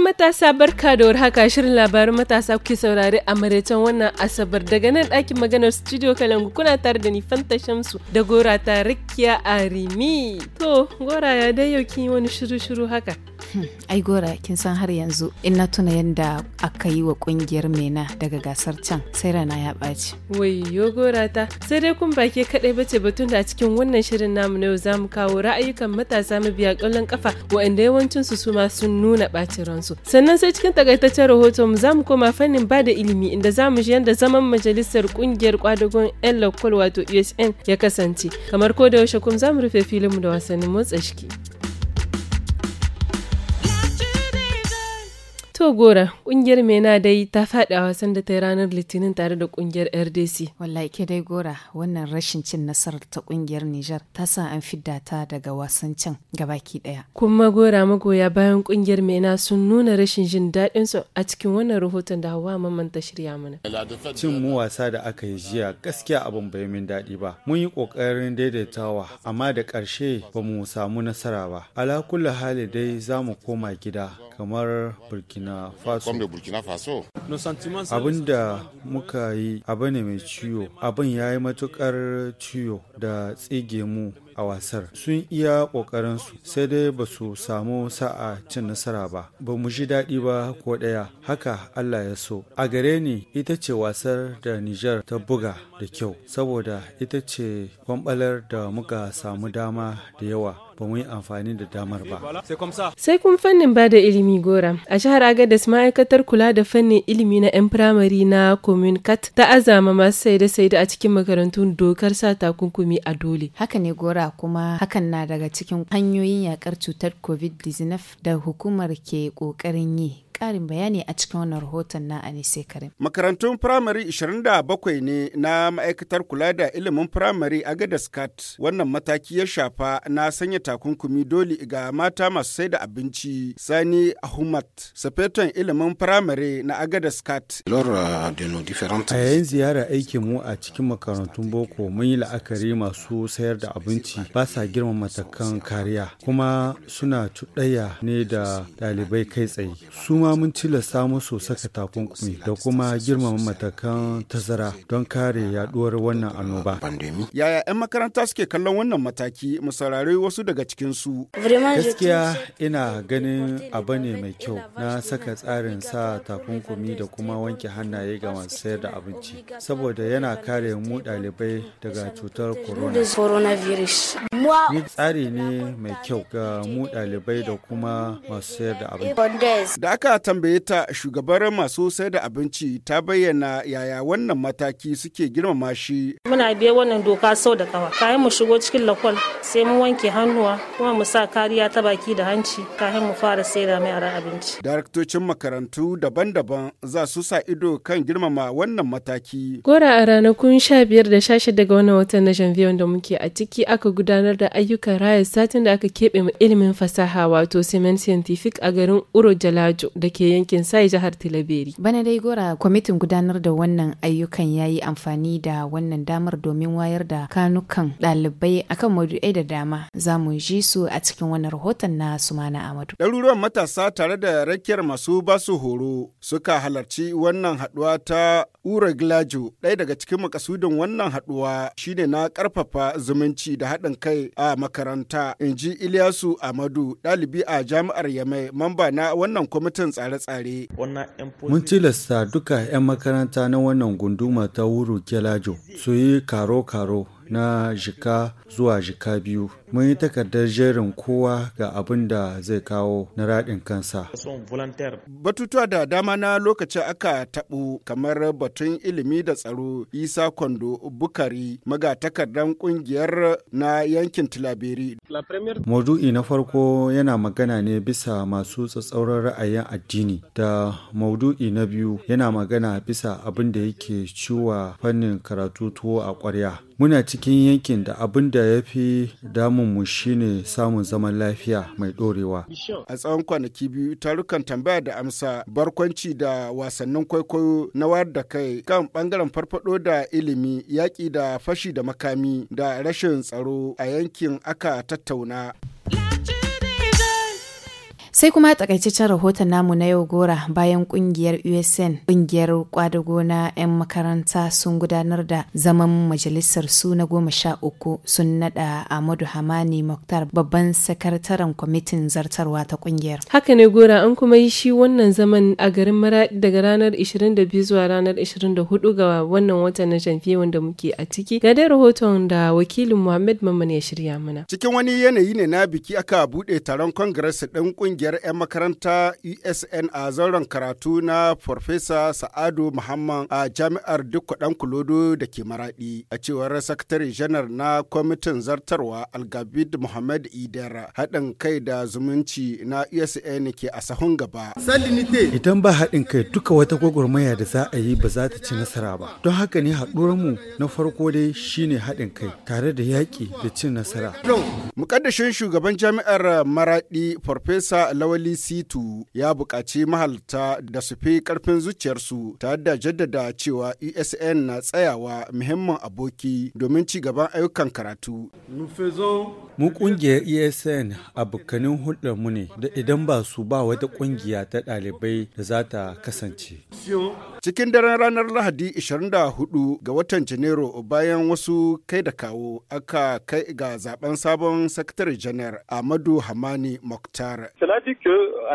matasa barka da haka shirin labarin matasa kuke saurari a maraicen wannan asabar daga nan ɗakin maganar studio kalangu kuna tare da ni fanta shamsu da gora ta rikiya arimi to gora ya dai yau wani shiru-shiru haka ai gora kin san har yanzu in na tuna yadda aka yi wa kungiyar mena daga gasar can sai rana ya ɓaci wayyo gora ta sai dai kun baki kaɗai bace batun da a cikin wannan shirin namu na yau za mu kawo ra'ayukan matasa mabiya ƙwallon kafa waɗanda yawancin su ma sun nuna ɓacin ransu sannan sai cikin takaitaccen rahoton mu za mu koma fannin ba da ilimi inda za mu ji yadda zaman majalisar kungiyar kwadagon yan lokal wato usn ya kasance kamar ko da yaushe kuma za mu rufe filin mu da wasannin motsa shiki. To Gora, kungiyar Mena dai ta faɗi a wasan da ta yi ranar Litinin tare da kungiyar RDC. Wallahi ke dai Gora, wannan rashin cin nasarar ta kungiyar Nijar ta sa an fidda ta daga wasan can gabaki ɗaya. Kuma Gora magoya bayan kungiyar Mena sun nuna rashin jin daɗin su a cikin wannan rahoton da Hawa Mamman ta shirya mana. Cin mu wasa da aka yi jiya gaskiya abin bai min daɗi ba. Mun yi ƙoƙarin daidaitawa amma da ƙarshe ba mu samu nasara ba. Ala kulli hali dai za mu koma gida kamar Burkina burkina faso abin da muka yi abu ne mai ciwo abin ya yi matukar ciwo da tsige mu a wasar sun iya ƙoƙarinsu sai dai ba su samu sa'a cin nasara ba ba mu ji daɗi ba ko ɗaya haka allah ya so a gare ni ita ce wasar da niger ta buga da kyau saboda ita ce kwambalar da muka samu dama da yawa ba mu yi amfani da damar ba. Sai kun fannin ba da ilimi gora. A jihar agadas ma'aikatar kula da fannin ilimi na 'yan firamare na Communcat ta azama masu saida saida a cikin makarantun dokar sa takunkumi a dole. Haka ne gora kuma hakan na daga cikin hanyoyin yakar cutar covid-19 da hukumar ke ƙoƙarin yi ƙarin bayani a cikin wannan rahoton na Anise Karim. Makarantun firamare 27 ne na ma'aikatar kula da ilimin firamare a Gadaskat. Wannan mataki ya shafa na sanya takunkumi dole ga mata masu sai da abinci. Sani Ahmad, safeton ilimin firamare na Agadaskat. Euh, a yayin ziyara aikin mu a cikin makarantun boko mun yi la'akari masu sayar da abinci ba sa girma matakan kariya kuma suna cuɗaya ne da ɗalibai kai tsaye. ma mun tilasta musu saka takunkumi da kuma girmama matakan tazara don kare yaduwar wannan annoba. Yaya 'yan makaranta suke kallon wannan mataki mu wasu daga cikin su Gaskiya ina ganin abu ne mai kyau na saka tsarin sa takunkumi da kuma wanke hannaye ga masu sayar da abinci saboda yana kare mu ɗalibai daga cutar corona. Ni tsari ne mai kyau ga mu ɗalibai da kuma masu sayar da abinci. Da aka a tambaye ta shugabar masu sai da abinci ta bayyana yaya wannan mataki suke girmama shi. Muna biye wannan doka sau da kawa. Kayan mu shigo cikin lakwal sai mu wanke hannuwa kuma mu sa kariya ta baki da hanci kayan mu fara sai da mai abinci. Daraktocin makarantu daban-daban za su sa ido kan girmama wannan mataki. Gora a ranakun sha biyar da sha daga wannan watan na janvier wanda muke a ciki aka gudanar da ayyukan raya satin da aka keɓe ilimin fasaha wato semen scientific a garin Uro Jalajo da ke yankin sai jihar Tilaberi. Bana dai gora kwamitin gudanar da wannan ayyukan ya yi amfani da wannan damar domin wayar da kanukan ɗalibai akan maudu'ai da dama za mu ji su a cikin wannan rahoton na Sumana Amadu. Ɗaruruwan matasa tare da rakiyar masu basu horo suka halarci wannan haɗuwa ta Ura Glajo ɗaya daga cikin makasudin wannan haɗuwa shine na ƙarfafa zumunci da haɗin kai a makaranta in ji Iliyasu Amadu ɗalibi a jami'ar Yamai mamba na wannan kwamitin tsare-tsare. Mun tilasta duka 'yan makaranta na wannan gunduma ta wuru Kelajo su yi karo-karo na jika zuwa jika biyu mun yi takardar jerin kowa ga abin da zai kawo na raɗin kansa batutuwa da dama na lokacin aka taɓu kamar batun ilimi da tsaro isa kwando bukari magatakardan ƙungiyar na yankin tilaberi maudu'i na farko yana magana ne bisa masu tsatsauran ra'ayin addini da maudu'i na biyu yana magana bisa abin da yake ciwa fannin karatu tuwo a ƙwarya muna cikin yankin da abin da ya fi damunmu shine samun zaman lafiya mai ɗorewa. A tsawon kwanaki biyu tarukan tambaya da amsa barkwanci da wasannin kwaikwayo na wayar da kai kan bangaren farfado da ilimi yaƙi da fashi da makami da rashin tsaro a yankin aka tattauna. Sai kuma takaitaccen rahoton namu na yau gora bayan kungiyar USN kungiyar kwadago na 'yan makaranta sun gudanar da zaman majalisar su na goma sha uku sun nada Ahmadu Hamani Mokhtar babban sakataren kwamitin zartarwa ta kungiyar. Haka ne gora an kuma yi shi wannan zaman a garin mara daga ranar 22 zuwa ranar 24 ga wannan watan na wanda muke a ciki. Ga dai rahoton da wakilin Muhammad Mamman ya shirya mana. Cikin wani yanayi ne na biki aka buɗe taron kongres ɗin kungiyar ƙungiyar 'yan makaranta ESN a zauren karatu na Farfesa Sa'adu Muhammad a Jami'ar Dukkuɗan Kulodo da ke Maraɗi. A cewar Sakatare Janar na Kwamitin Zartarwa Algabid Muhammad Idar haɗin kai da zumunci na ESN ke a sahun gaba. Idan ba haɗin kai duka wata gwagwarmaya da za a yi ba za ta ci nasara ba. Don haka ne mu na farko dai shine haɗin kai tare da yaƙi da cin nasara. Mukaddashin shugaban jami'ar Maraɗi Farfesa Lawali Situ ya buƙaci mahalarta da su fi ƙarfin zuciyarsu ta da jaddada cewa ESN na tsayawa muhimmin aboki domin ci gaban ayyukan karatu. Mu ƙungiyar ESN abokanin hulɗarmu ne da idan ba su ba wata ƙungiya ta ɗalibai da za ta kasance. Cikin daren ranar Lahadi 24 ga watan Janairu bayan wasu kai da kawo aka kai ga zaben sabon sakatare janar amadu Hamani Mokhtar.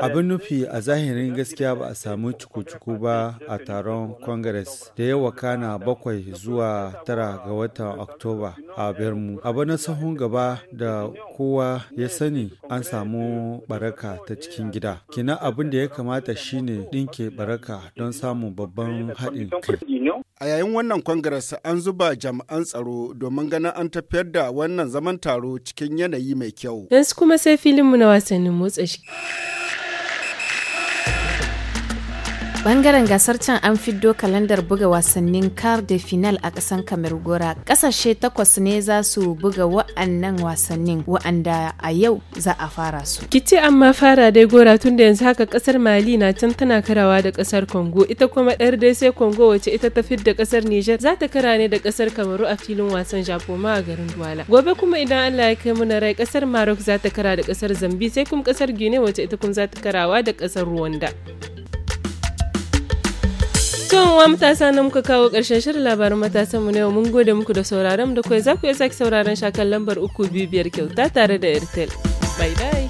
Abin nufi a zahirin gaskiya ba a samu cuku-cuku ba a taron Congress da yawa kana bakwai zuwa tara ga watan Oktoba a Bermu. Abu na sahun gaba da kowa ya sani an samu baraka ta cikin gida. Kina abin da ya kamata shine ɗinke baraka don samun babban haɗin kai. A yayin wannan kwangares an zuba jami'an tsaro domin ganin an tafiyar da wannan zaman taro cikin yanayi mai kyau. Yanzu kuma sai filinmu na wasannin motsa shi. Bangaren gasar can an fiddo kalandar buga wasannin kar de final a ƙasan gora kasashe takwas ne za su buga wa'annan wasannin wa'anda a yau za a fara su. Kici amma fara dai gora tun da yanzu haka kasar Mali na can tana karawa da ƙasar Congo. Ita kuma ɗar dai sai Congo wace ita ta fidda ƙasar Niger za ta kara ne da kasar Kamaru a filin wasan Japoma a garin Duwala. Gobe kuma idan Allah ya kai mu na rai ƙasar Maroc za ta kara da ƙasar Zambi sai kuma kasar Guinea wace ita kuma za ta karawa da kasar Rwanda. wa matasa na muka kawo ƙarshen shirin labarin matasan mu na yau mun gode muku da sauraron da kwai za ku iya sake sauraron shakan lambar uku biyu biyar kyauta tare da Airtel. Bye bye.